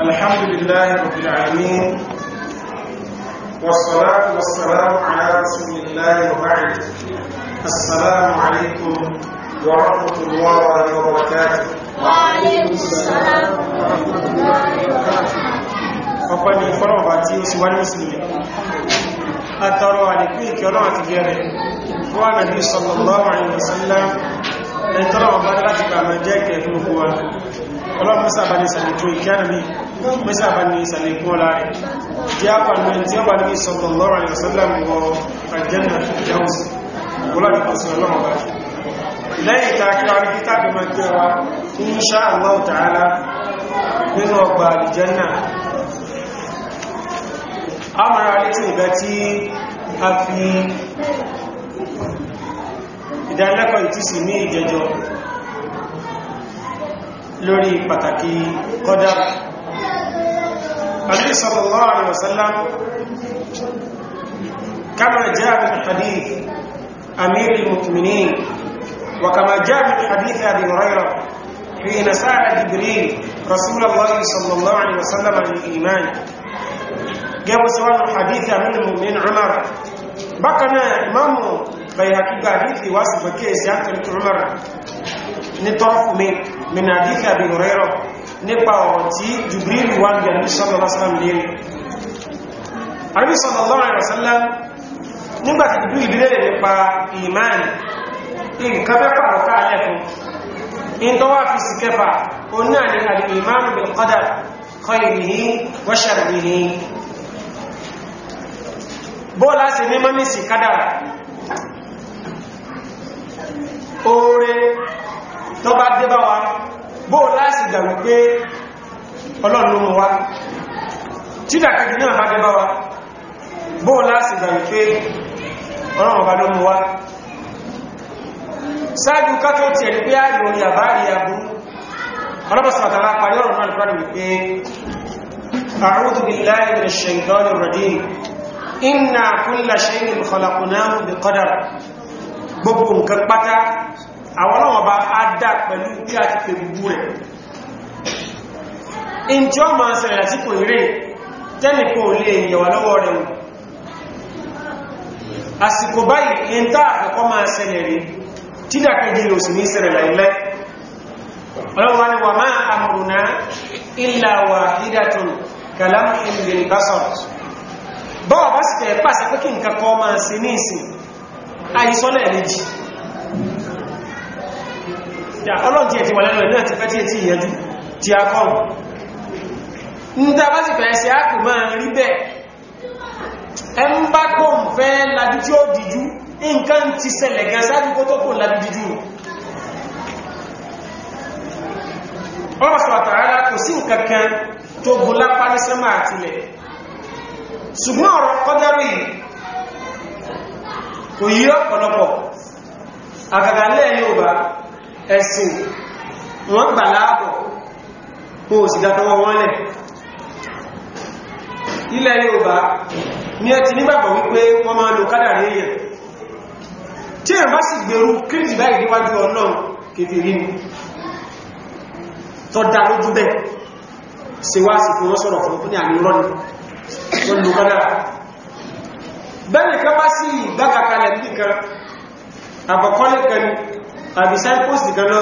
الحمد لله رب العالمين والصلاة والسلام على رسول الله وبعد السلام عليكم ورحمة الله وبركاته وعليكم السلام ورحمة الله وبركاته ọ̀pọ̀ ni ìfọ́lọ̀wà tí ó sì wá ní ìsìnlẹ̀ àtàrọ àdìkú ìkẹ́ ọlọ́wà ti gẹ̀rẹ̀ fún ànàbí sallallahu alaihi wasallam ẹ̀tọ́lọ̀wà bá láti bàmà jẹ́ kẹfún òkúwa ọlọ́pùsà bá ní sàlẹ̀ tó ìkẹ́ ànàbí mẹ́sà bá ní ìsàlẹ̀kún ọlá rẹ̀ jẹ́ àpàdé tí ó bá ní sallallahu alaihi wasallam wọ àjẹ́nà ìjẹun wọ́láàrí pàṣẹ ọlọ́run bá lẹ́yìn ìtàkìrà rí títà bí máa jẹ́ wa insha Allah ta'ala nínú ọgbà àlìjẹ́nà a mara létí ìgbà tí a fi lórí pàtàkì kọ́dára النبي صلى الله عليه وسلم كما جاء في حديث أمير المؤمنين وكما جاء في حديث أبي هريرة حين سأل جبريل رسول الله صلى الله عليه وسلم عن الإيمان جاب سؤال حديث أمير المؤمنين عمر بقنا إمام بيهكي حديث واسف كيس يأتي عمر نطرف من من حديث أبي هريرة nípa ọ̀rọ̀ tí Jibril wà ní Ànábì sallallahu alaihi wasallam lérí Ànábì sallallahu alaihi wasallam nígbàtí ìdú ìbílẹ̀ nípa ìmáàni nǹkan fẹ́ pàrọ̀ káàlẹ̀ fún in tó wá fi síkẹfà o náà ni al-imanu bil qadar khairihi wa sharrihi bọ́ọ̀lá sí ní mọ́mí wa bó láti gbà wípé ọlọ́run mú wá tí dàkàkì náà bá dé bá wa bó láti gbà wípé ọlọ́run bá ló mú wá sáájú kátó tí ẹni pé ààrùn orí àbáàrí aburú ọlọ́bọ̀sọ̀tàlá أعوذ بالله من الشيطان الرجيم إنا كل شيء خلقناه بقدر gbogbo nǹkan pátá àwọn náà bá ádá pẹ̀lú bí a ti pèrè bú rẹ̀ in tí ó máa sẹ̀rẹ̀ àti kò rí tẹ́nìkò lè yẹ̀wà lọ́wọ́ rẹ̀ àsìkò báyìí in tá àkọ́kọ́ máa sẹ̀rẹ̀ rí tí dàkejì ò sì ní sẹ̀rẹ̀ láìlẹ́ ọlọ́wọ́ ni wà máa amruna ọlọ́run ti ẹ̀ ti wà lẹ́nu ẹ̀ náà ti fẹ́ tí ẹ̀ ti ìyẹjú ti akọ́rùn ní ta bá sì fẹ́ ṣe ápù máa rí bẹ́ẹ̀ ẹ ń bá pọ̀ ń fẹ́ lajú tí ó dìjú nǹkan ti ṣẹlẹ̀ gan sáájú kó tó kò lajú dìjú ọlọ́sọ̀ àtàrà kò sí nǹkan tó gun lápá àtìlẹ̀ ṣùgbọ́n ọ̀rọ̀ kọjárí kò yí ọ̀pọ̀lọpọ̀ àgàgà lẹ́ẹ̀ ẹ̀sìn wọ́n gbà láàbọ̀ kó sì dátọwọ́ wọ́n lẹ̀ ilẹ̀ Yorùbá ní ẹ ti nígbàgbọ́ wípé wọ́n máa lò kádàrí èèyàn tí èèyàn bá sì gbèrú kírísì báyìí níwájú Ọlọ́run kèfèrí ni tọ́ da lójú bẹ́ẹ̀ se wá sí fún ọ́sọ̀rọ̀ fún ní àmì rọ́nì tó lò kádàrà bẹ́ẹ̀ nìkan bá sí ìgbákakalẹ̀ nìkan àbọ̀kọ́lẹ̀ kan àbí sáìpọ̀sì kan lọ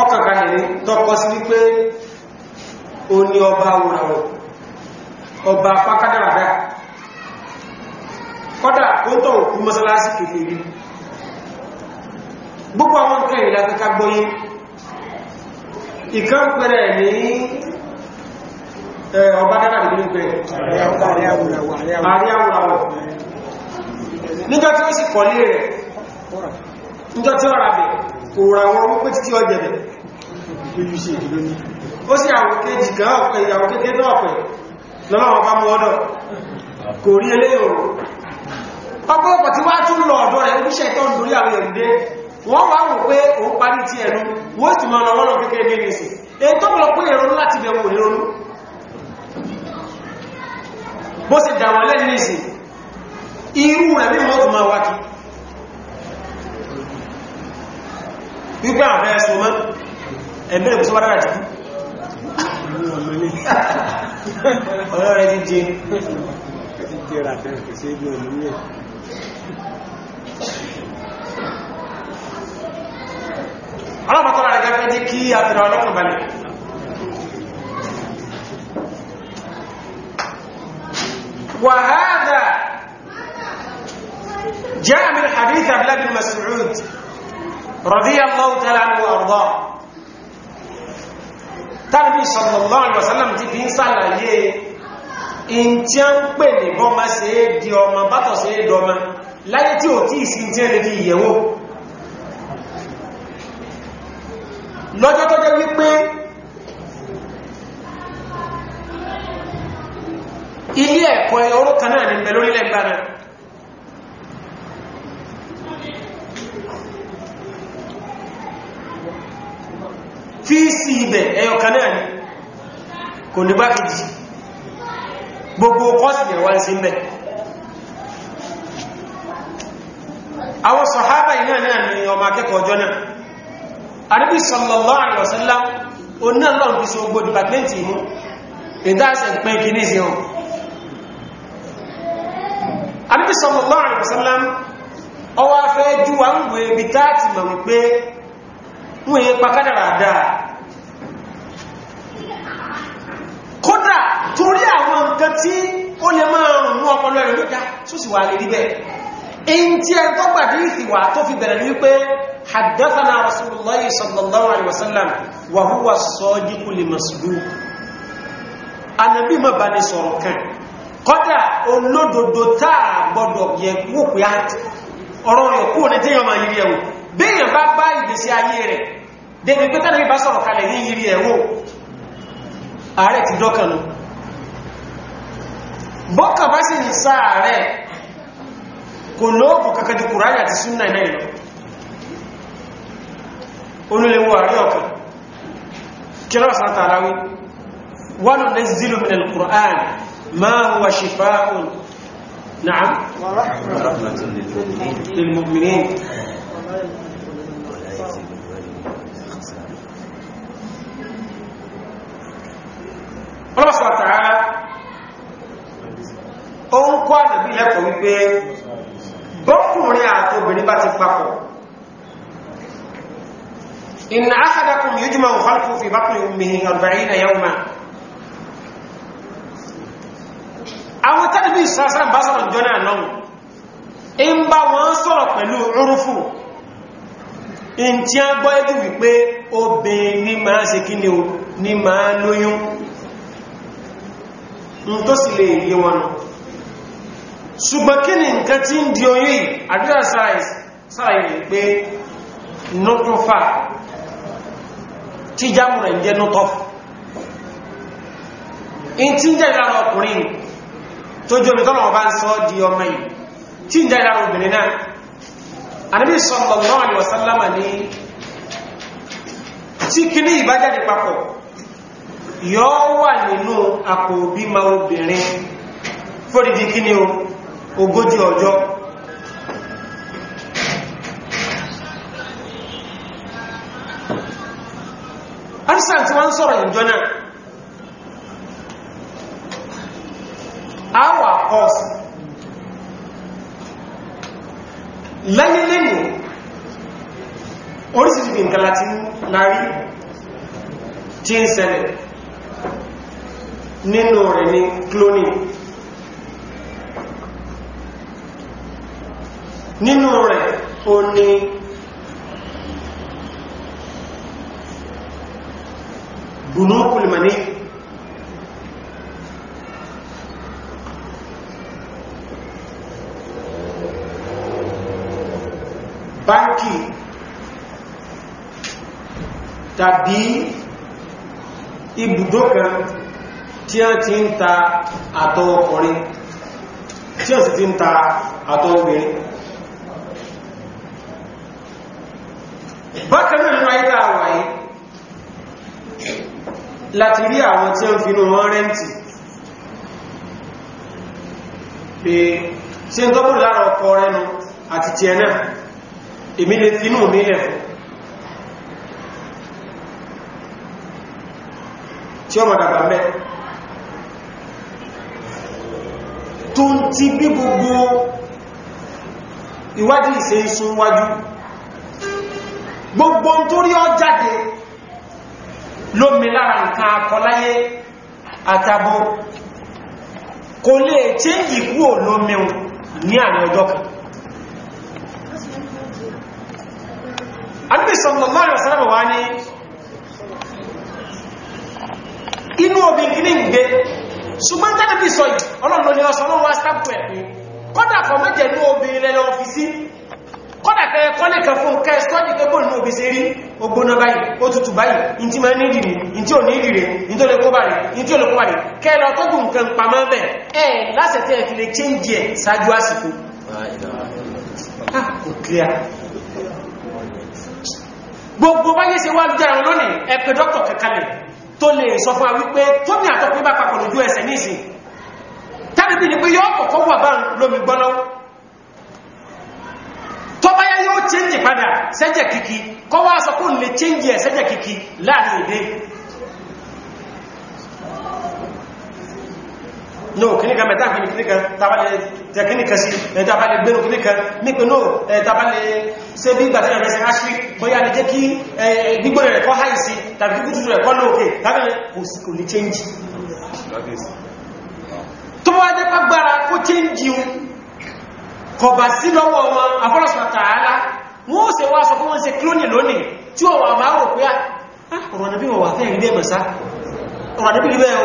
ọkàkà nìrí tọ́kọ sí wípé o ní ọba awòràwọ̀ ọba pákádàràdà kọ́dà ó tọ̀ òkú mọ́sálásí kékeré gbogbo àwọn nǹkan ìlà kíkà gbọ́yé ìkan pẹ̀rẹ̀ ní ọba dára nìrí pẹ̀rẹ̀ àrí awòràwọ̀ nígbàtí ó sì kọ̀lé rẹ̀ níjọ́ tí ó rà bẹ̀ kò rà wọn wípé títí ọjẹ̀ bẹ̀ lójú ṣe ìdílé ní ó sì àwọn kéjì gan ọ̀pẹ̀ ìyàwó kékeré náà ọ̀pẹ̀ lọ́nà wọn bá mú ọdọ̀ kò rí eléyìí òru ọgbọ́pọ̀ tí wá tún lọ ọ̀dọ́ rẹ̀ oníṣẹ́ ìtọ́ nítorí àwọn èrùdé wọ́n wá wò pé òun parí ti ẹ̀nu wọ́n sì mọ́ ọlọ́rọ̀ kékeré ní ìsìn èyí tó pọ̀lọ̀ pé ìrònú láti bẹ̀wò ìrònú bó sì dàwọn lẹ́yìn ìsìn irú rẹ̀ bí wọ́n wípé àfẹ́ ẹ̀sùn mọ́ ẹ̀bẹ̀rẹ̀ kò sọ́wọ́dára jù ọ̀rọ̀ rẹ̀ ti jẹ ọlọ́pàá rẹ̀ gẹ́gẹ́ jẹ́ kí àtìrà ọlọ́pàá balẹ̀ وهذا جاء من حديث عبد الله بن مسعود radiyallahu ta'ala anhu ọ̀rọ̀ tàbí sallallahu alaihi wasallam ti fi ń sàlàyé in tí a ń pè ní bọ́mà sí é di ọmọ bátọ̀ sí é dọmọ láyé tí ò tí ìsìn tí ẹ lè fi ìyẹ̀wó lọ́jọ́ tó jẹ́ wípé ilé ẹ̀kọ́ orúkan náà ni mẹ́lórílẹ̀ gbára tí sí ibẹ̀ ẹyọkan náà ni kò ní bá kìí gbogbo kọ́sì ẹ̀wà ń sí mẹ́ àwọn sọ̀hábà iná náà ni ọmọ akẹ́kọ̀ọ́ ọjọ́ náà àríbí sallallahu alaihi wasallam oná lọ́n fi so gbogbo dìpàtmẹ́ntì mú ìdáṣẹ̀ pẹ́ kì ní ìsìn àríbí sallallahu alaihi wasallam ọwá fẹ́ jú wa ń gbé ibi wọ́n yẹ pàkádàrà dáa kódà torí àwọn nǹkan tí ó lè máa rùn mú ọpọlọ ẹ̀rọ ló dá tó sì wà lè rí bẹ́ẹ̀ èyí tí ẹ tó gbàdí ìsìwà tó fi bẹ̀rẹ̀ ní wípé haddathana rasulullahi sallallahu ọ̀rọ̀ rẹ̀ ní tí yọ máa yìí ẹ̀wò béèyàn bá bá ìgbésí ayé rẹ̀ débi pé tánàbí bá sọ̀rọ̀ kalẹ̀ ní yìí ẹ̀wò ààrẹ ti dọ́kànlú bọ́kàn bá sì ní sáàrẹ̀ kò lóòkù kàkàdù kùránì àti súnnà náà lọ olúlewó àrí ọkàn kílọ̀ sátàráwí wa nunazzilu min al-Qur'an ma wípé bọ́kùnrin àti obìnrin bá ti papọ̀ inna ahadakum yujma'u khalquhu fi batni ummihi ihe tí a gbọ́ ẹjú wípé obìnrin ní máa ṣe kí ni máa lóyún n tó sì lè yí ṣùgbọ́n kí ni nǹkan tí ń di oyún àdúrà sáàyè pé nọ́tọ́fà tí jámù rẹ̀ ń jẹ́ nọ́tọ́fà in tí ń jẹ́ ìlànà ọkùnrin tó jẹ́ omi tọ́lọ̀ ọba ń sọ di ọmọ yìí tí ń ní ìbájáde papọ̀ yóò wà nínú àpò bímọ obìnrin fódìdí kíní o ogójì ọjọ́ arsan tí wọ́n sọ̀rọ̀ ìjọ náà àwà pọ́sì lẹ́yìnlẹ́yìn orísìí nǹkan láti lárí tí ń ṣẹlẹ̀ nínú rẹ̀ ní cloning nínú rẹ̀ o ní bunukul mani báńkì tàbí ibùdó kan tí a ti ń ta àtọ ọkùnrin tí a sì ti ń ta àtọ obìnrin bákan náà ní ayé tàà wáyé láti rí àwọn tí ó ń finú wọn rẹ́ǹtì pé ṣe ń tọ́kùn lára ọkọ rẹnu àti ti ẹ̀nà èmi lè finú mi lẹ̀ fún tí ọmọ dàgbà mẹ́ tó ń ti bí gbogbo ìwádìí ìṣe isun gbogbo nítorí ọ jáde lómi lára nǹkan akọláyé àtàbò kò lè tí ìkú ò lómiun ní àwọn ọjọ́ kan Ànábì sallallahu alaihi wasallam wá ní inú obì gíní gbé ṣùgbọ́n tẹ́lẹ̀bí sọ yìí ọlọ́run ló kọ́dà kẹ́ kọ́lé kan fún kẹ́ stọ́dì tó gbóòrùn òbí sí rí ogbóná báyìí ó tutù báyìí in tí ma ní ìdì rí in tí ò ní ìdì rí in tó lè kó bàrí in tí ò lè kó bàrí kẹ́ lọ tó gùn nǹkan pàmọ́ bẹ̀ ẹ̀ lásẹ̀tẹ̀ fi lè change ẹ̀ ṣáájú àsìkò ah, gbogbo báyé ṣe wá jẹ́ àwọn lónìí ẹ̀pẹ̀ dọ́kọ̀ kẹkalẹ̀ pé yọ́ ọ̀kọ̀kọ́ wà bá lómi gbọ́náwó báyá yóò change padà sẹ́jẹ̀ kìkì kọ́ wá sọ kó lè change ẹ̀ sẹ́jẹ̀ kìkì láàrin èdè no kìníkà mẹ́ta fi kìníkà tàbálẹ̀ jẹ kìníkà sí tàbálẹ̀ gbẹ́nu kìníkà nípe no tàbálẹ̀ ṣe bí ìgbà tẹ́lẹ̀ rẹ̀ṣẹ̀ ashley bóyá lè jẹ́ kí gbígbọ́n rẹ̀ kọ́ háìsí tàbí kútùtù rẹ̀ kọ́ lóòkè tàbí kò change kọ̀bà sí lọ́wọ́ wọn afọ́lọ́sọ̀ tààlá wọ́n ó se wá sọ fún wọn se klónì lónìí tí ó wà máa rò pé ah, ah, ọ̀rọ̀ nàbí wọ́n wà fẹ́ ilé mẹ́sá ọ̀rọ̀ nàbí rí bẹ́ẹ̀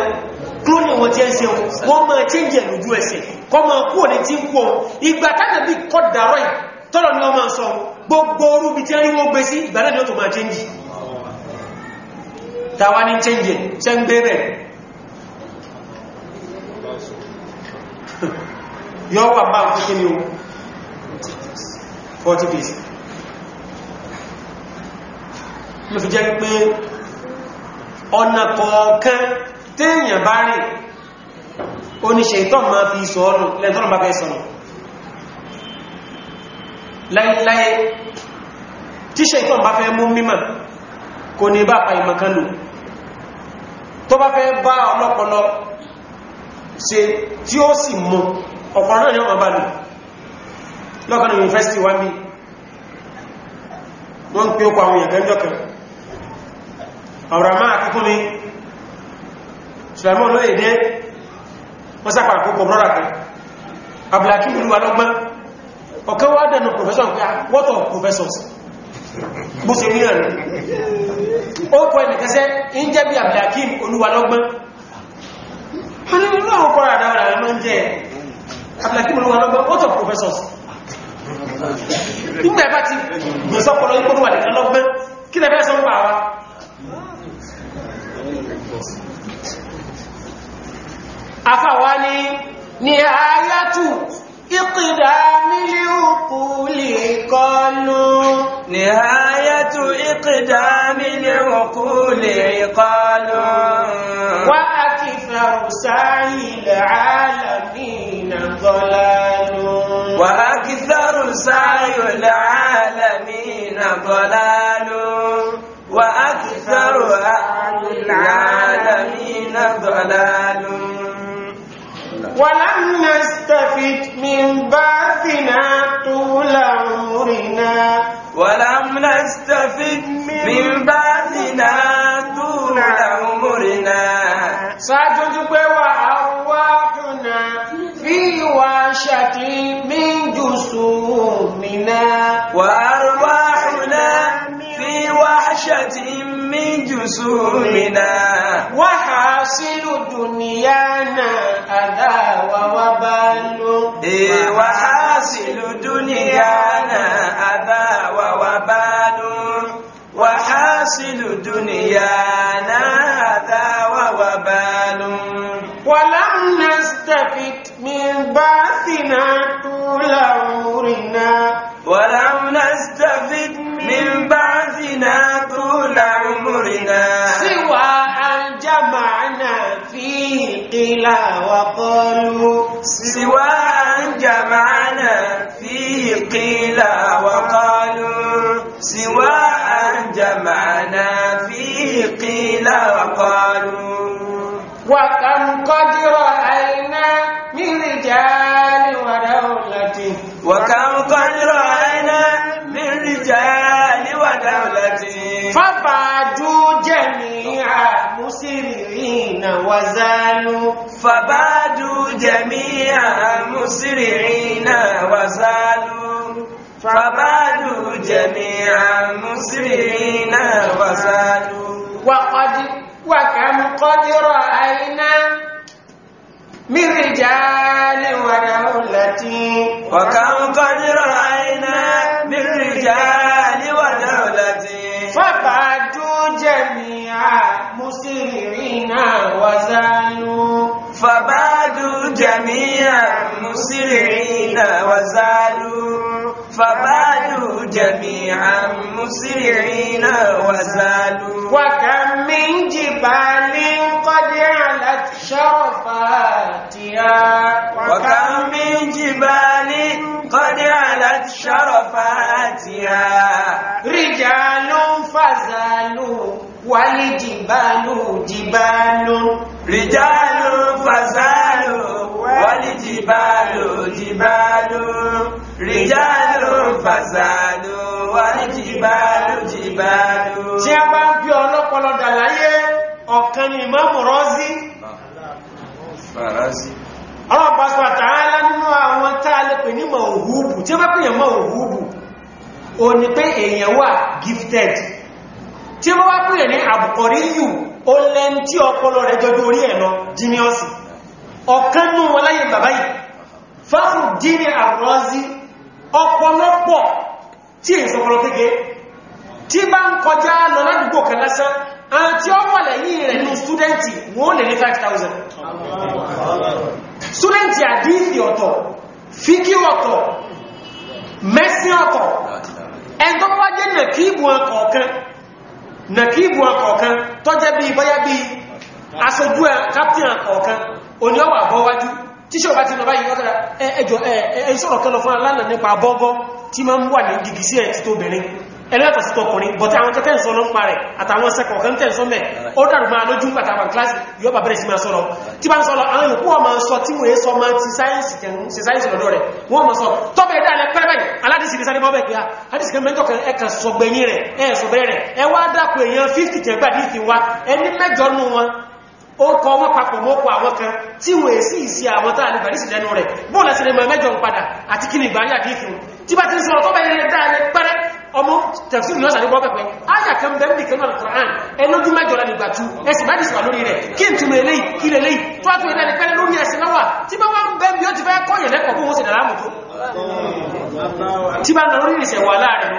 klónì wọn tí ẹ se wọ́n máa chẹ́njẹ̀ lójú ẹsẹ̀ kọ́ máa kú òní tí ń kú ohun ìgbà tánàbí kọ́ dàrọ́ yìí tọ́lọ̀ ni wọ́n máa sọ gbogbo yọ́ wà bá ń kí ní o 40 days ló fi jẹ́ pé ọ̀nà kọ̀ọ̀kan téèyàn bá rìn oníṣẹ́ ìtọ́ ma fi sọ ọ́nù lẹ́tọ́nà bá fẹ́ sọ̀nù láíláí tíṣẹ́ ìtọ́ bá fẹ́ mú mímọ̀ kò ní bá pa ìmọ̀kan lò tó bá fẹ́ bá ọlọ́pọlọ ṣe tí ó sì mú ọ̀pọ̀rọ̀ náà ni wọ́n bá lò lọ́kànà yunifásitì wá bí wọ́n ń pè ó pàwọn èèyàn gẹ́jọ́ kan ọ̀rọ̀ máa kíkún ní ṣùgbọ́n lóye dé wọ́n sápa àkókò brọ́dà kan abúlákí ìlú alọ́gbọ́n ọ̀kan wá dẹ̀nà professor pé ah, what of professors bó ṣe ní ẹ̀rọ ó pọ̀ ìlẹ̀kẹsẹ́ ń jẹ́ bí abúlákí olúwalọ́gbọ́n abúlàkí mọ̀ lọ́wọ́ lọ́gbọ́n out of professors nígbà ẹ̀bá ti gbẹ̀sọ́pọ̀lọ́ ìpọ̀lọ́ wà nìkan lọ́gbọ́n kí lẹ́bẹ́ sọ afáwa ni ni ayátù ìkìdámílì ni ayátù ìkìdámílì òkúlì kọlu العالمين ضلال وأكثر سعي العالمين ضلال وأكثر أهل العالمين ضلال ولم نستفد من بعثنا طول عمرنا ولم نستفد من نجومنا وحاصل دنيانا وكم قد رأينا من رجال ودولة فبعدوا جميعا مسرعين وزالوا فبعدوا جميعا مسرعين وزالوا فبعدوا جميعا مسرعين وزالوا وقد وكم قد رأينا من رجال ودولة وكم قد رأينا بالرجال والدولة فبعدوا جميعا مسرعين وزالوا فبعدوا جميعا مسرعين وزالوا فبعدوا جميعا مسرعين وزادوا وكم من جبال قد علت شرفاتها وكم من جبال قد علت شرفاتها رجال فزالوا والجبال جبال رجال فزالوا والجبال jìbáàlù jìbáàlù. tí a bá ń bí ọlọ́pọlọ dàláyé ọ̀kan ni ìmọ̀mù rọ́sí. ọlọ́pàá sọ àtàrà nínú àwọn tá a lè pè ní mọ̀ òhúbù tí ó bá pè yàn mọ̀ òhúbù o ní pé èèyàn wà gifted tí ó bá pè ní àbùkọ̀rí yù ó lẹ́n tí ọpọlọ rẹ̀ jọjú orí ẹ̀ lọ genius ọ̀kan nú wọn láyé bàbá yìí fáfù dín ní àrọ́sí ọ̀pọ̀lọpọ̀ tí è sọpọlọ kéke tí bá ń kọjá lọ ládùúgbò kan lásán àwọn tí ó wà lẹ́yìn rẹ̀ ní ṣúdẹ́ntì wọ́n lè ní 5,000 ṣúdẹ́ntì àdíìsì ọ̀tọ̀ fíkí ọ̀tọ̀ mẹ́sí ọ̀tọ̀ ẹ̀ntọ́pọ́jẹ́ nàkíìbù ọkọ̀ọ̀kan nàkíìbù ọkọ̀ọ̀kan tó jẹ́ bí bọ́yá bí aṣojú captain ọkọ̀ọ̀kan òní ọwà bọ́wájú tíṣẹ́ ọba ti lọ báyìí ọ̀tọ̀ ẹjọ́ ẹ̀ẹ́sọ̀rọ̀ kan lọ fún alánà nípa tí ma ń wà ní gìgì sí ẹ̀ tí tó bẹ̀rin ẹlẹ́tọ̀ sí tọkùnrin bọ̀tí àwọn kẹtẹ́ ìsọ́ ló ń parẹ̀ àtàwọn sẹ́kọ̀ọ́ kan tẹ́ ìsọ́ mẹ́ ó dàrù máa lójú pàtàkì àwọn kíláàsì yóò bàbá rẹ̀ sí máa sọ́rọ̀ tí bá ń sọ́rọ̀ àwọn ìkú ọmọ sọ tí wọ́n sọ máa ti sáyẹ́nsì lọ́dọ̀ rẹ̀ wọ́n mọ̀ sọ tọ́bẹ̀ dáalẹ̀ pẹ́rẹ́bẹ̀ aládìsí ní sáré bọ́bẹ̀ pẹ́yà ah, aládìsí kan mẹ́jọ kan ẹka sọgbẹ̀yìn rẹ̀ ẹ̀ sọgbẹ̀rẹ̀ rẹ̀ ẹ wá dákò èèyàn 50 tẹ̀gbà ní ìfìwá ẹni mẹ́jọ nù wọn ó kọ wọ́n papọ̀ mọ́kọ̀ àwọn kan tí wọ́n èsì ìsì àwọn tàà ní bàdìsì lẹ́nu rẹ̀ bóòlẹ̀ sí lẹ́mọ̀ mẹ́jọ ń padà àti kí ni ìgbàrí àdífin tí bá ti ń sọ̀rọ̀ tó bá yẹrẹ dáadẹ́ pẹ́rẹ́ ọmọ tẹ̀sùn lọ́sà ní bọ́pẹ̀pẹ́ áyà kan bẹ̀rẹ̀ ní kẹ́lọ́ alìkọ̀rán ẹlójú mẹ́jọra ní gbàtú ẹsì bá dìsọ̀rọ̀ lórí rẹ̀ kí n túnmọ̀ eléyìí kí lè léyìí tó àtúnyẹ̀ náà ní pẹ́lẹ́ lórí ẹsẹ̀ náà wà tí bá wà ń bẹ́ bí ó ti fẹ́ kọ́yẹ̀ lẹ́kọ̀ọ́ bó wọ́n sì dára mùtó tí bá ń lọ lórí ìṣẹ̀ wà láàrin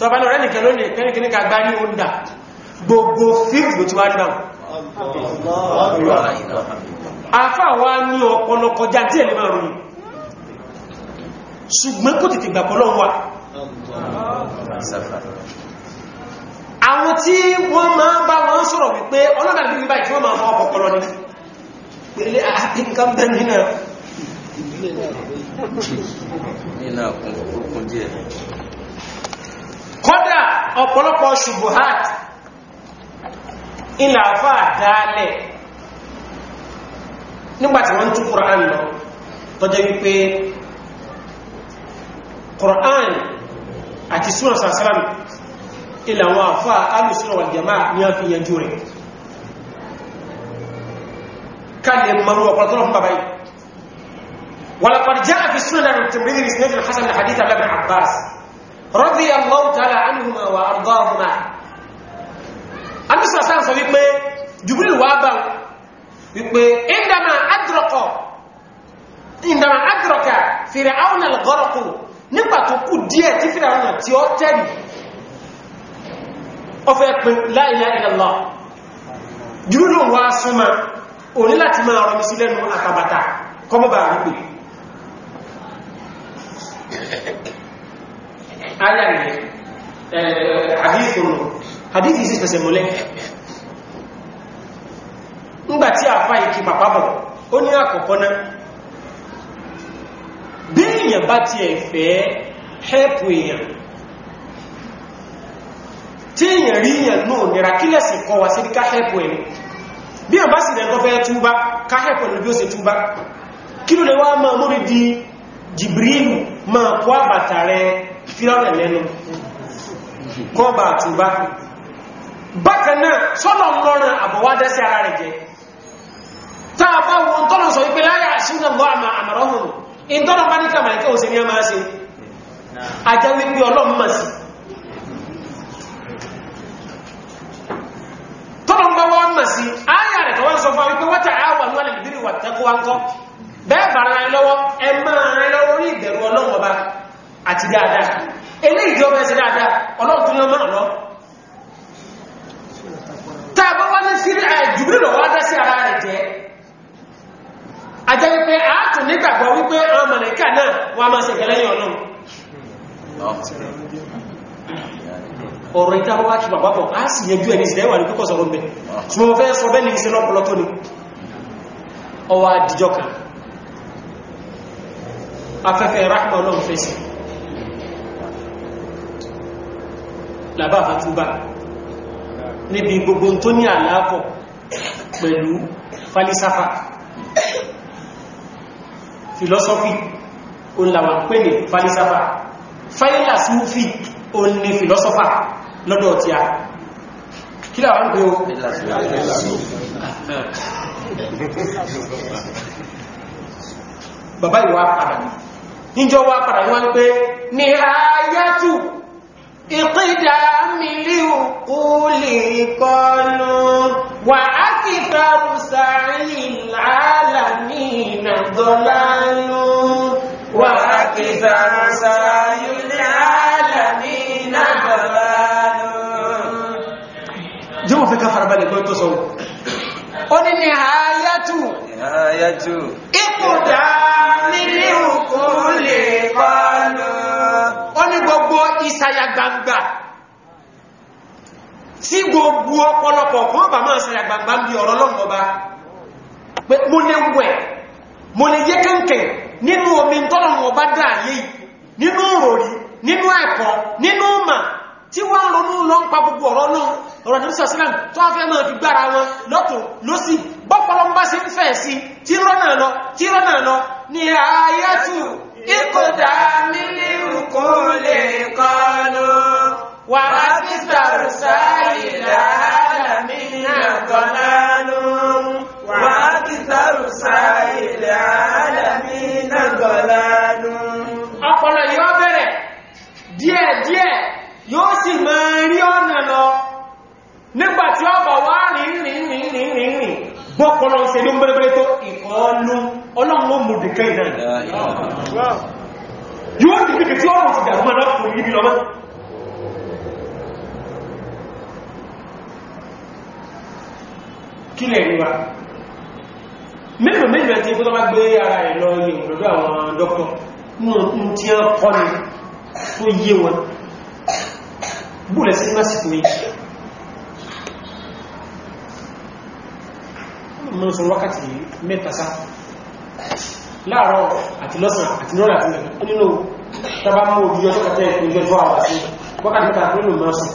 tọba lọ rẹ̀ nìkan lónìí kẹ́rìnkẹ́rìn ká gbá ní oúnjẹ gbogbo fíìmù ló ti wá dáhùn àfà wa ní ọ̀pọ̀lọpọ̀ jáde ẹ̀lẹ́mọ̀ ròyìn ṣùgbọ́n kò tètè gbà pọ̀lọ́ wà àwọn tí wọ́n máa ń bá wọn sọ̀rọ̀ wípé ọlọ́gbàdì ah, nígbà tí wọ́n máa fọ́ ọpọlọ ní pẹ̀lẹ́ àtìkàn bẹ́ nínú kọ́dà ọ̀pọ̀lọpọ̀ ṣubuhat ilẹ̀ àfà dáálẹ̀ nígbàtí wọ́n tún Kùránì lọ tọ́jẹ́ wípé Qur'an àti súnà sàásàrán ila wafa àfá alùsúnà wal jama'a ní afi ya jure kalẹ̀ maru wa ọ̀pọ̀lọpọ̀lọ fa bàbá wala qad ja'a fi sunan at-Tirmidhi bi isnad al-hasan li hadith al Ibn Abbas radiyallahu ta'ala anhuma wa ardaahuma anisa sa san sọ wípé Jibril wá bá wípé indama adraqa indama adraqa fir'auna al-gharq nígbà tó kù díẹ̀ tí fìdà náà tí ó tẹ́rì ọfẹ́ pín la ilaha jùlọ wá súnmọ́ òní láti máa rọmi sí lẹ́nu àkàbàtà kọmọ́bà wípé ayàrẹ̀ àdífòrò àdífì èèyàn bá ti ẹ̀fẹ́ hẹ́pù èèyàn tí èèyàn rí èèyàn náà nira kí lẹ́sì kọ wá sí ká hẹ́pù ẹ̀mí bí ẹ̀ bá sì rẹ̀ tọ́fẹ́ túbá ká hẹ́pù ẹ̀mí bí ó sì túbá kí ló lè wá máa mórí di Jibril máa kó àbàtà rẹ̀ fíráwẹ̀ lẹ́nu kọ́ bá túbá bákanáà sọ́lọ̀ lọ́rin àbọ̀wádẹ́ sí ara rẹ̀ jẹ́ tàbá wọn tọ́lọ̀ sọ wípé láyà ìtọ́nà bá ní kàmàlíkà òsì ní a máa ṣe ajá wípé ọlọ́run mọ̀ sí tọ́lọ́n bá wọ́n mọ̀ sí ayà rẹ̀ tọ́wọ́n sọ fún wípé wọ́n tà áwà ní alẹ́ ìbírí wà tẹ́kọ́ wá ń kọ́ bẹ́ẹ̀ bá rán lọ́wọ́ ẹ máa rán lọ́wọ́ ní ìbẹ̀rù ọlọ́run ọba àti dáadáa eléyìí tí a jẹ́ wípé a tún nígbàgbọ́ wípé àwọn mọ̀lẹ́kà náà wọ́n a máa ṣe gẹ́lẹ́yìn ọlọ́run ọ̀rọ̀ ìtàwọ́ kí bàbá pọ̀ a sì yẹjú ẹni ìsìlẹ̀ wà ní púpọ̀ sọ̀rọ̀ mẹ́ tí wọ́n fẹ́ sọ bẹ́ẹ̀ ní ìsìn lọ́pọ̀lọ́ tó ní ọwà àdìjọ́ kan pẹ̀lú falisafa philosophy o n làwọn pè ní falisafa filasufi o n ní philosopher lọ́dọ̀ tí a kí làwọn ń pè o bàbá ìwà padà ní níjọ́ wá padà ní wọ́n pé ní ayátù ìpídà mílíù kú lè kọlu wà á أكثر سعي العالمين ضلال وأكثر سعي العالمين ضلال جمع في كفر بالك وتصور oni ni hayatu hayatu ikuda nili hukuli kọlu oni gbogbo isaya gbangba tí gbogbo ọ̀pọ̀lọpọ̀ kan bà máa sẹ́yà gbàgbà ń bí ọ̀rọ̀ lọ́gbọ̀ba pé mo wẹ̀ mo yé nínú omi tọ́lọ̀wọ̀ bá nínú òròrí nínú ẹ̀kọ́ nínú mà tí wọ́n ronú lọ ń pa gbogbo ọ̀rọ̀ náà ọ̀rọ̀ ní وأكثر سائل العالمين ضلال وأكثر سائل العالمين ضلال ọpọlọ yóò bẹ̀rẹ̀ díẹ̀díẹ̀ yóò sì máa rí ọ̀nà lọ nígbàtí ọba wá rìn rìn rìn rìn rìn rìn bọ́kọlọ ṣe ló ń bẹ́rẹ̀bẹ́rẹ̀ tó ìkọlù ọlọ́run ó mú dìkẹ́ ìdáyìí yóò dìkẹ́ tí ọ̀rọ̀ ti dàgbọ́n lọ́pùn yìí kílẹ̀ ríwá mẹ́lò mẹ́lò ẹ̀tí fún ọmọ gbé ara ẹ̀ lọ yẹ òdòdó àwọn dọ́kọ̀ mú tí ó kọ́ ni tó yé wọn búrẹ̀ sí lásìkò yìí mọ́ sọ wákàtí mẹ́ta sá láàárọ̀ àti lọ́sàn àti lọ́rọ̀ àti mẹ́ta ó nínú tàbá mú òdíjọ́ tó kàtẹ́ ìpínlẹ̀ tó àwọn àti wákàtí mẹ́ta nínú mọ́ sí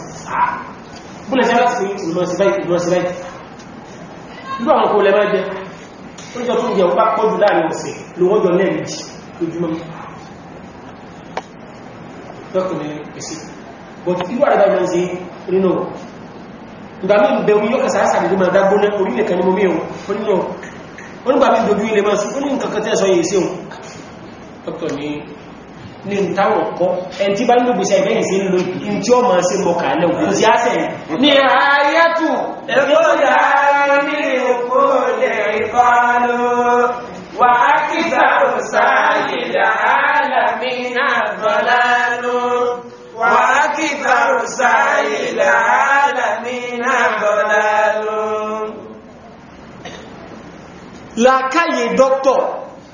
búrẹ̀ sí lásìkò yìí irú àwọn kò lẹ máa jẹ oúnjẹ tó yẹ ọba pọ̀jù láàrin ọ̀sẹ̀ ló wọ́n jọ lẹ́ẹ̀mejì lójúmọ́ dọ́kùnrin pèsè but irú àrẹ́bà ìjọ ń ṣe nínú ìgbà mí bẹ orí ọkà sáà sàrẹ̀ máa dágbóná orílẹ̀ kan ní mo mẹ́rin onígbà mí dojú ilẹ̀ máa sí ó ní nǹkan kan tẹ́ sọ yìí sí òun dọ́kùnrin ní ìtawọ̀ kọ́ ẹn tí bá ń lò gbèsè ìbẹ́yìn sí ń lò in tí ó máa ṣe mọ̀kà náà kò sí àṣẹ ní àyàtù ẹgbọ́dá ní òkú lè kọlu wà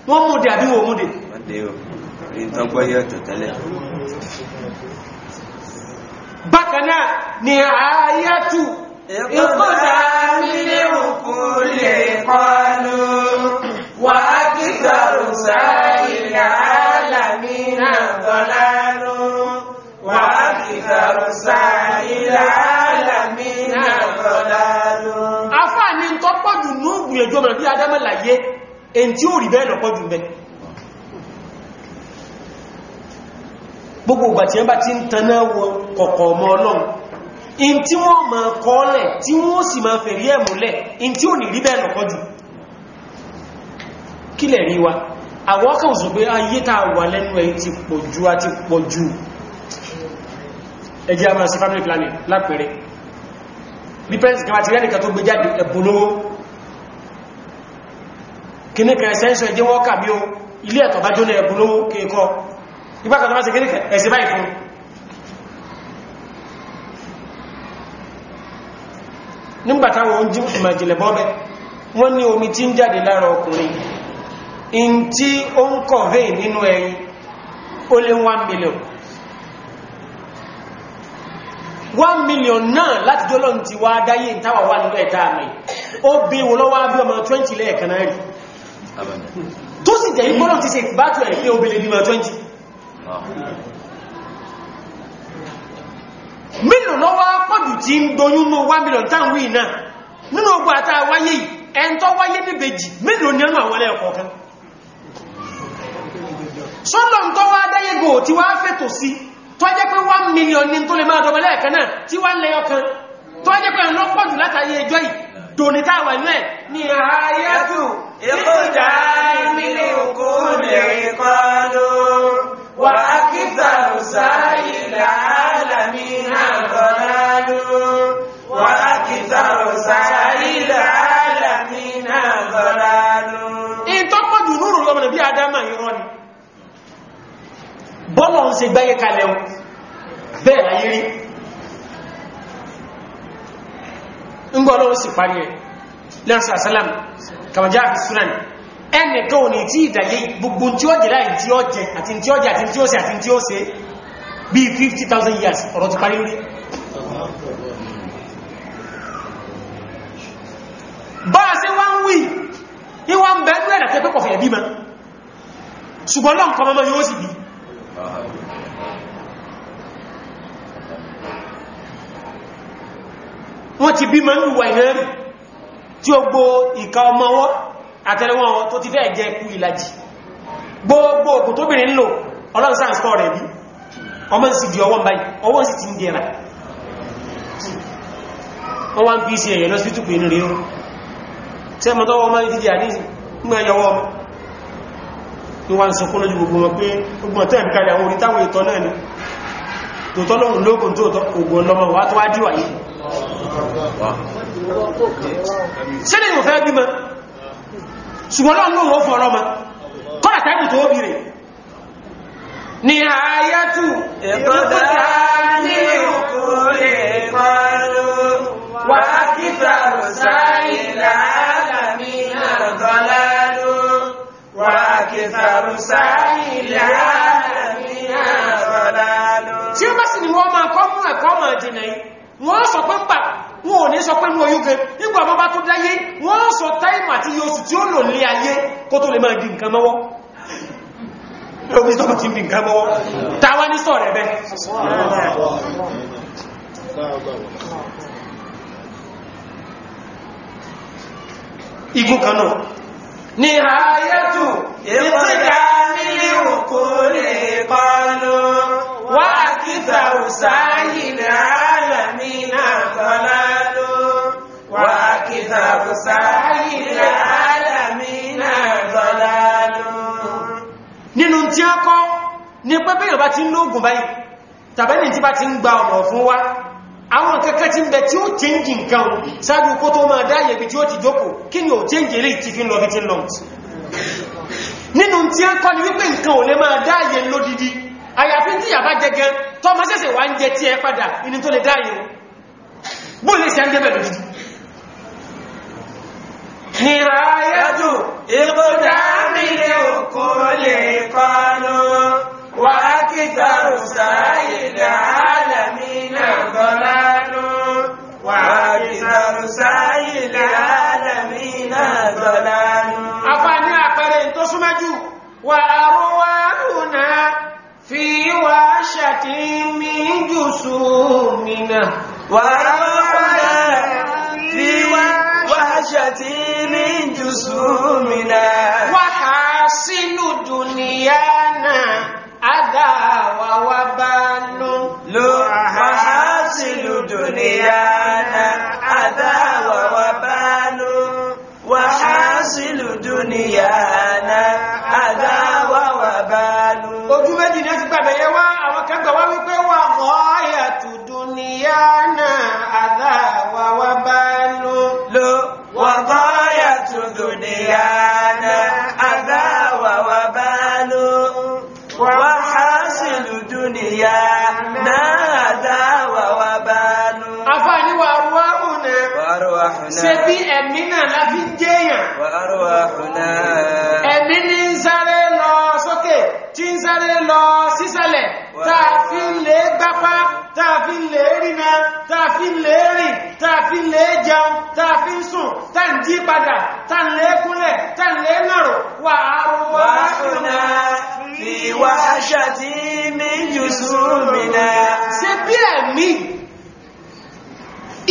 wọ́n mú dàbí wọ́n mú dè ìtọ́gbọ́yé tẹ̀tẹ̀lẹ̀ bákaná ni àyátù ìkọ́dá nílé òkú lè kọlu wà á kí tọrọ sáàìlà alàmì náà dọ́lánú wà á kí tọrọ sáàìlà alàmì náà dọ́lánú. afáàní tó pọ̀jù ní ògùn ẹjọ́ mẹ́rin bí adámẹ́láyé èyí tí ó rí bẹ́ẹ̀ lọ́pọ̀jù bẹ́ẹ̀ gbogbo ìgbà tí wọ́n bá ti ń taná wọn kọ̀kọ̀ ọmọ ọlọ́run in tí wọ́n ma kọ́ọ̀lẹ̀ tí wọ́n sì ma fẹ̀rí ẹ̀ múlẹ̀ in tí ò ní rí bẹ́ẹ̀ lọ́kọ́ jù kí lẹ̀ rí wa àwọn ọkọ̀ òsùn pé ayé ta wà lẹ́nu ẹ̀ ti pọ̀ jù àti pọ̀ jù ẹjẹ́ a máa sí family planning lápẹẹrẹ bí pẹ́ǹsì kan àti rẹ́nìkan tó gbé jáde ẹ̀bùn lówó kìnnìkan ẹ̀sẹ̀ ń ẹjẹ́ wọ́n kà bí o ilé ẹ̀tọ̀ bá jóná ẹ̀bùn lówó kéèkọ́ ìgbàkàtà máa ṣe kéré ẹ̀sẹ̀ báyìí fún nígbàtà wọn jí ìmàjìlẹ̀ bọ́bẹ̀ wọ́n ní omi tí ń jáde lára ọkùnrin in tí ó ń kọ̀ vein nínú ẹyin ó lé 1 million 1 million náà láti jọ́lọ́ ti wá dáyé ìtawà wà nílẹ̀ ẹ̀ta àmì ó bí wọ́n lọ́wọ́ bí ọmọ 20 lẹ́ẹ̀kan náà rí tó sì jẹ́ ìgbọ́nà ti ṣe ìbátò ẹ̀ pé obìnrin bí ọmọ 20 mílù lọ́wọ́ pọ̀jù tí ń doyún ní wá mílù táwọn iná nínú ogun àtà wáyé ẹ̀ntọ́ wáyé níbejì mílù nínú àwọn ẹ̀kọ̀ọ̀kan sọ́lọ̀ tó wá dáyégò tí wá sí tó jẹ́ pé 1 million ní tó lè máa ẹ̀kan náà tí wá lẹ́ وأكثر سعي العالمين ضلال وأكثر سعي العالمين ضلال إن تقوى دنور الله من بي آدم يروني bọ́lọ̀ ń ṣe gbáyé kalẹ̀ ohun bẹ́ẹ̀ láyé rí ń gbọ́ lọ́wọ́ sì parí ẹ̀ lẹ́rìn sàásálàmù kàwàjá àti súnà ni ẹnìkan ò ní tí ìdàyé gbogbo tí ó jẹ láì tí ó jẹ àti tí ó jẹ àti tí ó àti tí ó bí 50,000 years ọ̀rọ̀ ti parí rí bá sí wọ́n wí ìwọ́n ẹ̀dà tẹ́ ma ṣùgbọ́n ti bí ma ń wà ìrẹ́rì tí ó gbó ìka ọmọ àtẹ́lẹwọ́n tó ti fẹ́ jẹ kú ìlàjì gbogbo òkú tó bìnrin lò ọlọ́nsán stọ́ rẹ̀ bí ọmọ sì di ọwọ́ báyìí ọwọ́ sì ti ń dẹ̀ra wọ́n wá ń pí sí ẹ̀yẹ̀ lọ́sí tùpù inú rí rú tẹ́ mọ́ tọ́wọ́ máa ń fìdí àdíjì ń ni tòótọ́ lóhun lókun ṣùgbọ́n lọ́n ló wọ́n fún ọlọ́mọ kọ́nà táìpù tó bìrì ni àyátù ẹ̀kọ́dá ní òkú ẹ̀kọ́ wà kíta rùsáì láàmì àgọ́lálú wà kíta rùsáì láàmì àgọ́lálú tí ó bá sì ni wọ́n máa kọ́ mú ẹ̀kọ́ mọ̀ wọn ò ní sọ pé ní oyúgan nígbà bọ́ tó dáyé wọ́n sọ táìmù àti iye oṣù tí ó lò lé ayé kó tó lè máa di nǹkan mọ́wọ́ igun kan náà ni ayẹ́tù èsìká nílé òkú lè pàánù Wa àkíta òsáyì láàlámì náà kọ́lá ló wá àkíta òsáyì Ni náà kọ́lá ló. nínú tí a kọ́ ní pé bẹ́ẹ̀ bá ti ń lóògùn báyìí tàbẹ́ni tí bá ti ń gba ọ̀nà fún wa àwọn kankan tí ń bẹ tí ó change nǹkan ṣáájú kó tó máa dáyẹ̀ bí tí ó ti jókòó kí ni ò change lè ti fi lọ bí ti lọ nínú tí a kọ́ ni wípé nǹkan ò lè máa dáyẹ̀ lódidi àyàfi tí yàbá jẹgẹ tó ma ṣẹ̀ṣẹ̀ wá ń jẹ tí ẹ padà inú tó lè dáyé bó lè ṣe ń jẹ́ bẹ̀rẹ̀ jù nìráyájú ìgbódá nílé òkú lè kọ́nú wà á kí tàrùsá ìdá wà á kí tàrùsá ìdá afá ní àpẹẹrẹ tó wà á rọ́wà في وعشة من جسومنا وأرضنا في وعشة من جسومنا وحاصل دنيانا أذى ووبال وحاصل دنيانا أذى ووبال وحاصل دنيانا ṣe bí ẹ̀mí náà láfi ń jẹ́yàn ẹ̀mí ní ń sáré lọ sókè tí ń sáré lọ sísàlẹ̀ táà fi ń lè gbápá táà fi ń lè rìnà táà fi ń lè rìn táà fi ń lè jẹun táà fi ń sùn táà jí padà táà lè kúnlẹ̀ táà lè nàró wà á wà á aṣà tí mi jù sùn mí bí ẹ̀mí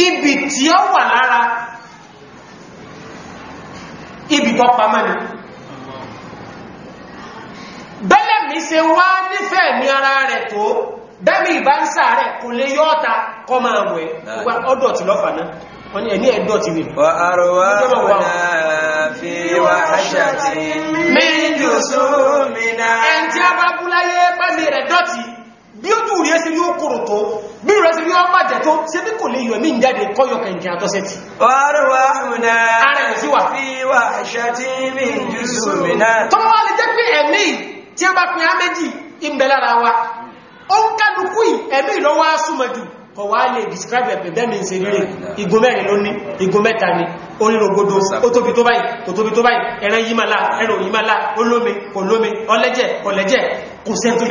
ibi tí ó wà tọ́ pamọ́ ni bẹ́lẹ̀ mi ṣe wá ara rẹ̀ tó bẹ́mi ìbá ń sàárẹ̀ kò lè yọ́ ọ̀ta kọ máa wẹ̀ ọdọ̀ lọ́fà náà wọ́n ni ẹ̀ní ẹ̀dọ̀ ti rí wà wà tí mí jù tí a bá bí ojú rí ẹsẹ̀ yóò kòrò tó bí rẹ̀ sí yóò bàjẹ́ tó ṣe bí kò lè yọ mí jáde kọ́yọ kẹ̀kẹ́ àtọ́sẹ̀ tí ọrọ̀wà ọ̀nà ara ẹ̀ sí wà fi wà ṣàtí mi jù sómìnà tó wá lè jẹ́ pé ẹ̀mí tí a bá pín á méjì ìbẹ̀ lára wa ó ń kálukú ẹ̀mí lọ́wọ́ á súnmọ́ jù kọ̀ wá lè describe ẹ̀pẹ̀ bẹ́ẹ̀ mi ń ṣe rírẹ̀ igun mẹ́rin ló ní igun mẹ́ta ni orírogodo ó tóbi tó báyìí kò tóbi tó báyìí ẹran kò lómi ọlẹ́jẹ̀ kò lẹ́jẹ̀ kò sẹ́tò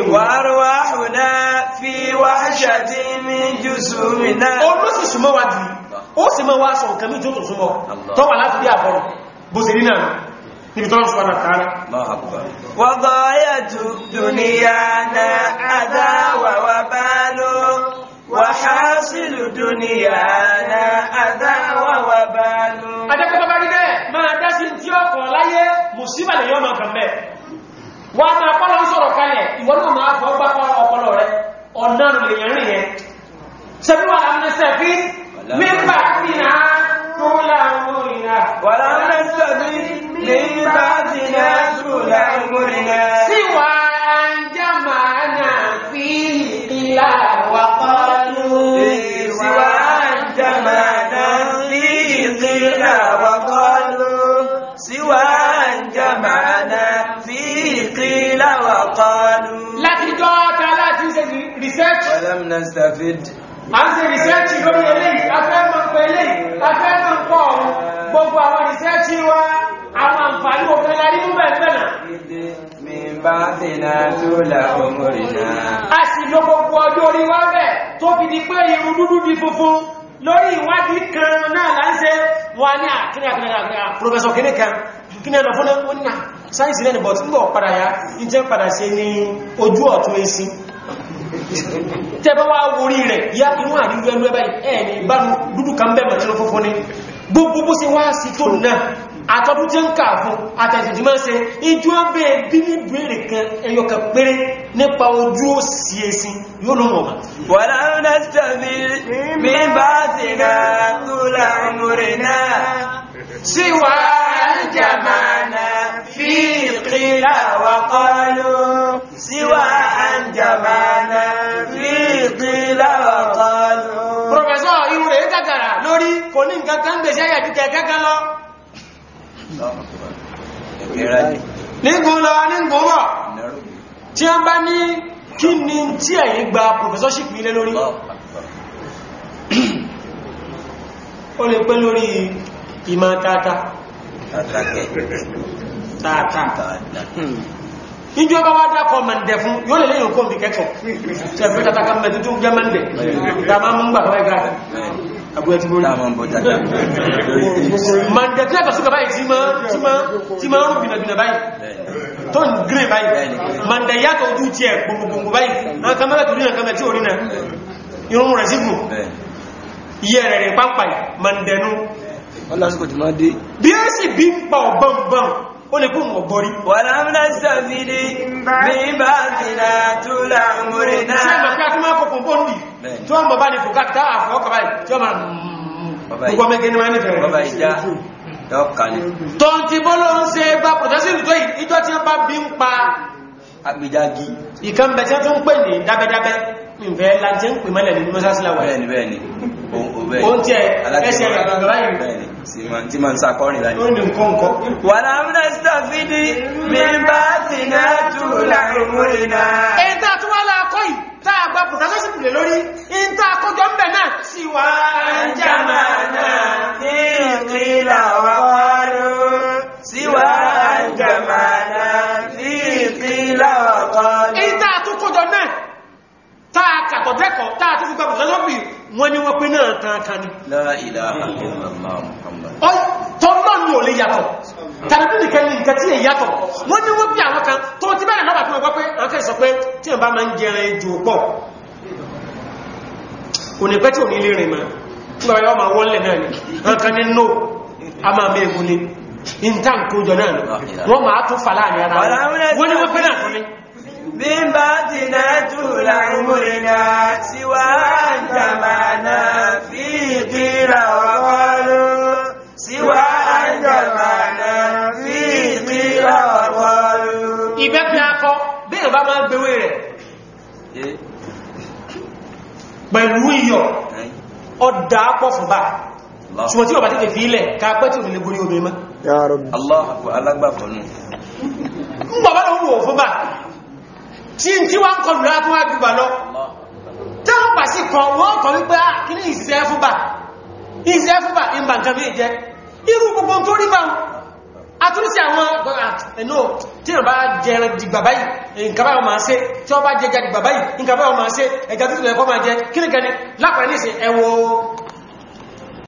lè fi wà ṣàtì ní jùsù mi náà. ó ló wa jù ó sì mọ́ wá sọ nǹkan méjì ó tún súnmọ́ tó wà láti bí àbọ̀rọ̀ bó sì rí náà níbi tọ́lọ́ sọ́nà tààrà. wọ́gọ́ ayé dùnìyà náà adáwà wà bá ló wàhásìlù wọ́n máa pọ́lọ́ sọ̀rọ̀ kalẹ̀ ìwọ́n náà máa fọ́ gbá pọ́lọ́ ọpọlọ rẹ ọ̀nà lè yàn rìn yẹn sẹ́bí wà láwọn ẹsẹ̀ fi mímbà sí na tó láwọn ìrìnà wà lam nastafid a ń ṣe rìsẹ́ẹ̀tì lórí eléyìí afẹ́mọ̀ pé eléyìí afẹ́mọ̀ pọ̀ ọ̀hún gbogbo àwọn rìsẹ́ẹ̀tì wa àwọn àǹfààní òfin larí mú bẹ̀rẹ̀ náà bá tẹ̀nà tó là ọmọrì náà a sì lo gbogbo ọjọ́ orí wa bẹ̀ tó fi di pé irun dúdú di funfun lórí ìwádìí kan náà là wà ní àkínàkínà ni ẹ̀nà fún ọ̀nà sáyẹ̀sì lẹ́nu bọ̀ tí ń tẹ́bá wá orí rẹ̀ yá inú àríwẹ̀ ẹnu ẹbá ẹ̀ẹ̀ni ìbánu dúdú kan bẹ̀rẹ̀ tí ó fúnfún ní gbogbo bó ṣe wá sí tó náà àtọ́dún tí ń kà fún ijú ọbẹ̀ bí ní bèèrè kan ẹyọkà péré nípa ojú ó sì èsì yóò lọ mọ̀ wà kan gbèsè àyàjú kẹ̀kẹ́ kan lọ nígun lọ nígun bọ̀ tí wọ́n bá ní kí ni tí ẹ̀yin gba professorship ilé lórí ó lè pẹ́ lórí ìmọ̀ tata tata níjọ́ bá wá dákọ̀ mẹ́ndẹ̀ fún yóò lè léyìn kó fi kẹ́kọ̀ọ́ tẹ̀fẹ́ tata kan jẹ́ mẹ́ndẹ̀ tàbá mú gbàgbà ẹgbà abúrẹ́ tí mo rí mọ̀jẹ̀tí àtàṣíkà báyìí tí máa ń rú bìnàbìnà báyìí tó ń gírè báyìí mọ̀jẹ̀ yàtọ̀ ojú ti ẹ̀ gbogbogbò báyìí na kamẹ́rẹ́ tó rínà kamẹ́ tí ò rínà irun rẹ̀ sí gùn iye rẹ̀ rẹ̀ pápá ó lè kún ọ̀gbọ́rí. wàlámúná sàfidì bí bá tìlà tó làmúrí náà. ṣé ìgbà pé a tún máa kọkùn bó nì tí wọ́n bọ̀ bá ní fòkà tá àfọwọ́kà báyìí tí wọ́n máa gbogbo mẹ́gẹ́ ní wọ́n ní fẹ̀rẹ̀. bàbá ìjà dọ́kàlẹ̀. tọ́ntì bọ́lọ́ ń ṣe bá pọ̀tẹ́sìlì tó yìí ìjọ tí wọ́n bá bí ń pa. agbèjàgì. ìkan bẹ̀ tí wọ́n tún ń pè ní dábẹ́dábẹ́ ìfẹ́ láti ń pè mọ́lẹ̀ ní mọ́sásíláwà. bẹ́ẹ̀ ni bẹ́ẹ̀ ni òun tiẹ̀ ẹsẹ̀ rẹ̀ tí ma ń sàkọrin láyé. ó ní nǹkan kan. wà láwọn ẹ̀sítàfí ní mímbà sí náà túlà ìmúrinà. èyí yìí tá a gba pòtàṣọ́sì kùlẹ̀ lórí èyí tá a kọjọ ń bẹ̀ náà sì wá ń jà máa wa kọ́lù sí wá ń jà máa wa kọ́lù táà kàtọ̀ dẹ́kọ̀ táà tí fúgbà mùsùlùmí wọ́n ni wọ́n pín náà tán kan ní tọ́lọ́nù ò lè yàtọ̀ tàbí nìkan ní nǹkan tí è yàtọ̀ wọ́n ni wọ́n bí àwọn kan tó ti báyà lọ́bà tí wọ́n gbọ́ pé àkẹ́ sọ pé tí wọ́n bá máa ń jẹrẹ jù pọ̀ kò ní pẹ́ tí ò ní lè rìn a máa mẹ́ egun ní ìntàǹkójọ náà wọ́n máa tún fà láàrin ara wọ́n بباطنة عمرنا سوى أنجمعنا في قيل وقالوا سوى أنجمعنا في قيل وقالوا إبا في أكو بيبا ما بيوير pẹ̀lú iyọ̀ ọ̀dá pọ̀ fún bá ṣùgbọ́n tí ọba títẹ̀ fi ilẹ̀ ká pẹ́ tí ò nílé borí obìnrin mọ́. alágbàfọ́nù. ń bàbá lọ́wọ́ fún bá tí n tí wá ń kọlù látún wá jùbà lọ táwọn ah, bà sí kan wọ́n kọ̀ wípé à kí ní ìsìsẹ́ fúbà ìsìsẹ́ fúbà ìgbà nǹkan bí jẹ́ irú gbogbo tó rí bá àtúrísí àwọn ẹ̀nà ah, tí ìrìn bá jẹran di bàbá yìí nǹkan báyọ̀ máa ṣe tí wọ́n bá jẹja di bàbá yìí nǹkan báyọ̀ máa ṣe ẹ̀gà tútù ẹ̀kọ́ máa jẹ